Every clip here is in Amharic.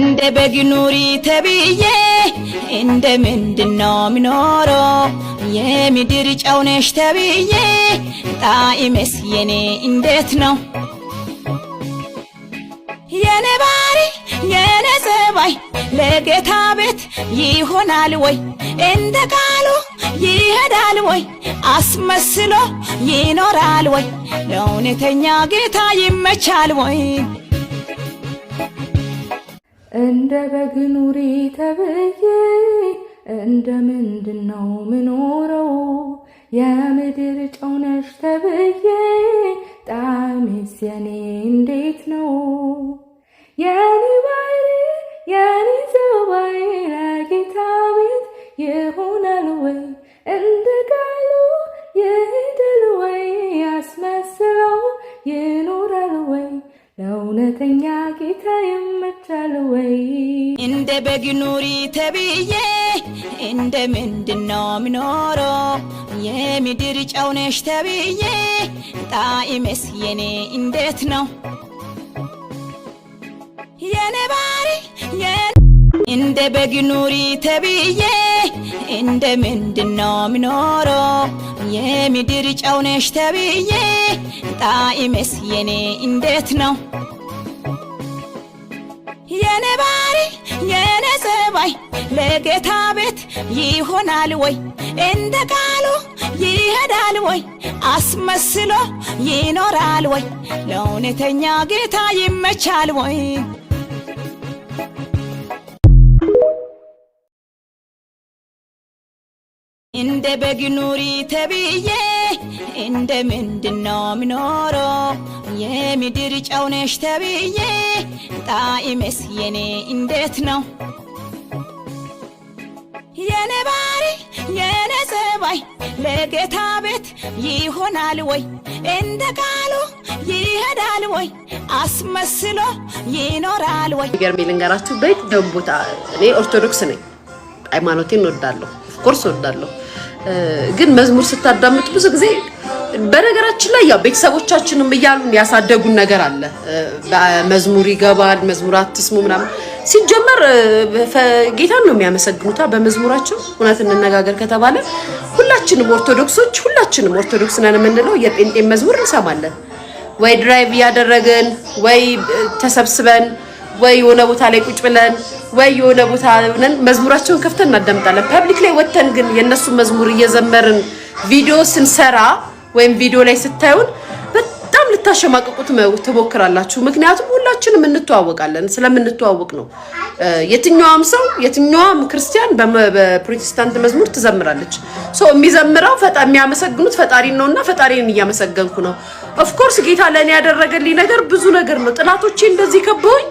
እንደ በግ ኑሪ ተብዬ እንደ ምንድነው ምኖሮ የምድር ጨው ነሽ ተብዬ ጣዕሜስ የኔ እንዴት ነው? የኔ ባሪ የኔ ዘባይ ለጌታ ቤት ይሆናል ወይ? እንደ ቃሉ ይሄዳል ወይ? አስመስሎ ይኖራል ወይ? ለእውነተኛ ጌታ ይመቻል ወይ? እንደ በግ ኑሪ ተብዬ እንደ ምንድን ነው ምኖረው? የምድር ጨው ነሽ ተብዬ የኔ እንዴት ነው? የኔ ባህሪ የኔ ዘባዬ ለጌታ ቤት ይሆናል ወይ? እንደ ቃሉ ይሄዳል ወይ? ያስመስለው ይኖራል ወይ ለእውነተኛ ይበቃል ወይ እንደ በግ ኑሪ ተብዬ እንደ ምንድን ነው ምኖሮ የምድር ጨው ተብዬ ጣዕምስ የኔ እንዴት ነው የኔ ባሪ እንደ በግ ኑሪ ተብዬ እንደ ምንድን ነው ምኖሮ የምድር ጨው ተብዬ ጣዕምስ የኔ እንዴት ነው የኔ ባሪ የኔ ጸባይ ለጌታ ቤት ይሆናል ወይ? እንደ ቃሉ ይሄዳል ወይ? አስመስሎ ይኖራል ወይ? ለእውነተኛ ጌታ ይመቻል ወይ? እንደ በግ ኑሪ ተብዬ እንደ ምንድነው ምኖሮ? የምድር ጨው ነሽ ተብዬ ጣዕምስ የኔ እንዴት ነው የኔ ባሪ የኔ ዘባይ ለጌታ ቤት ይሆናል ወይ? እንደ ቃሉ ይሄዳል ወይ? አስመስሎ ይኖራል ወይ? ገርሜ ልንገራችሁ በየትኛውም ቦታ እኔ ኦርቶዶክስ ነኝ፣ ሃይማኖቴን ወዳለሁ ኦፍኮርስ ወዳለሁ ግን መዝሙር ስታዳምጡ ብዙ ጊዜ በነገራችን ላይ ያው ቤተሰቦቻችንም እያሉን ያሳደጉን ነገር አለ። መዝሙር ይገባል፣ መዝሙር አትስሙ ምናምን። ሲጀመር ጌታን ነው የሚያመሰግኑታ በመዝሙራቸው። እውነት እንነጋገር ከተባለ ሁላችንም ኦርቶዶክሶች ሁላችንም ኦርቶዶክስ ነን የምንለው የጴንጤ መዝሙር እንሰማለን። ወይ ድራይቭ እያደረግን ወይ ተሰብስበን ወይ የሆነ ቦታ ላይ ቁጭ ብለን ወይ የሆነ ቦታ ሆነን መዝሙራቸውን ከፍተን እናዳምጣለን። ፐብሊክ ላይ ወጥተን ግን የእነሱን መዝሙር እየዘመርን ቪዲዮ ስንሰራ ወይም ቪዲዮ ላይ ስታዩን በጣም ልታሸማቅቁት ትሞክራላችሁ። ምክንያቱም ሁላችንም እንተዋወቃለን። ስለምንተዋወቅ ነው። የትኛዋም ሰው የትኛዋም ክርስቲያን በፕሮቴስታንት መዝሙር ትዘምራለች። ሰው የሚዘምረው የሚያመሰግኑት ፈጣሪን ነው እና ፈጣሪን እያመሰገንኩ ነው። ኦፍኮርስ ጌታ ለእኔ ያደረገልኝ ነገር ብዙ ነገር ነው። ጥላቶቼ እንደዚህ ከበውኝ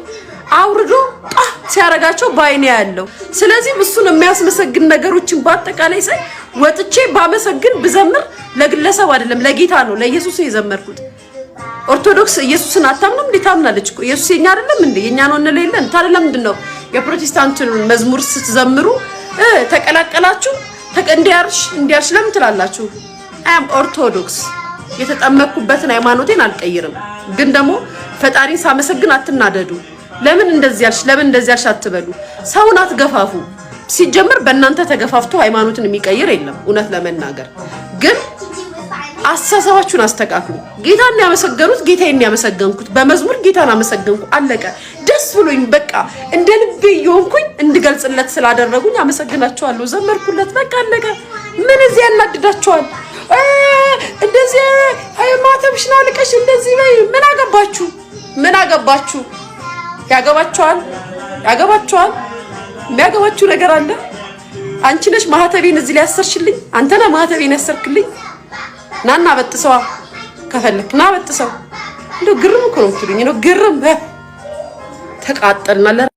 አውርዶ ጣ ሲያረጋቸው ባይኔ ያለው ስለዚህ እሱን የሚያስመሰግን ነገሮችን በአጠቃላይ ሳይ ወጥቼ ባመሰግን ብዘምር ለግለሰብ አይደለም ለጌታ ነው፣ ለኢየሱስ የዘመርኩት። ኦርቶዶክስ ኢየሱስን አታምንም እንዴ? ታምናለች እኮ ኢየሱስ የኛ አይደለም እንዴ? የኛ ነው እንለለ ታደለ ምንድን ነው የፕሮቴስታንትን መዝሙር ስትዘምሩ ተቀላቀላችሁ እንዲያርሽ እንዲያርሽ ለምን ትላላችሁ? አም ኦርቶዶክስ የተጠመኩበትን ሃይማኖቴን አልቀይርም። ግን ደግሞ ፈጣሪን ሳመሰግን አትናደዱ። ለምን እንደዚህ ያልሽ ለምን እንደዚህ ያልሽ አትበሉ። ሰውን አትገፋፉ። ሲጀምር በእናንተ ተገፋፍቶ ሃይማኖትን የሚቀይር የለም። እውነት ለመናገር ግን አስተሳሰባችሁን አስተካክሉ። ጌታን ያመሰገኑት ጌታዬን ያመሰገንኩት በመዝሙር ጌታን አመሰገንኩ፣ አለቀ። ደስ ብሎኝ በቃ እንደ ልቤ እየሆንኩኝ እንድገልጽለት ስላደረጉኝ አመሰግናቸዋለሁ፣ ዘመርኩለት፣ በቃ አለቀ። ምን እዚህ ያናድዳቸዋል? እንደዚህ ማተብሽን አልቀሽ እንደዚህ በይ። ምን አገባችሁ? ምን አገባችሁ? ያገባቸዋል፣ ያገባቸዋል የሚያገባችሁ ነገር አለ? አንቺ ነሽ ማህተቤን እዚህ ላይ ያሰርሽልኝ። አንተ ነህ ማህተቤን ያሰርክልኝ። ናና በጥሰዋ ከፈለክ ና በጥሰው። እንደው ግርም እኮ ነው የምትሉኝ። ግርም ተቃጠልና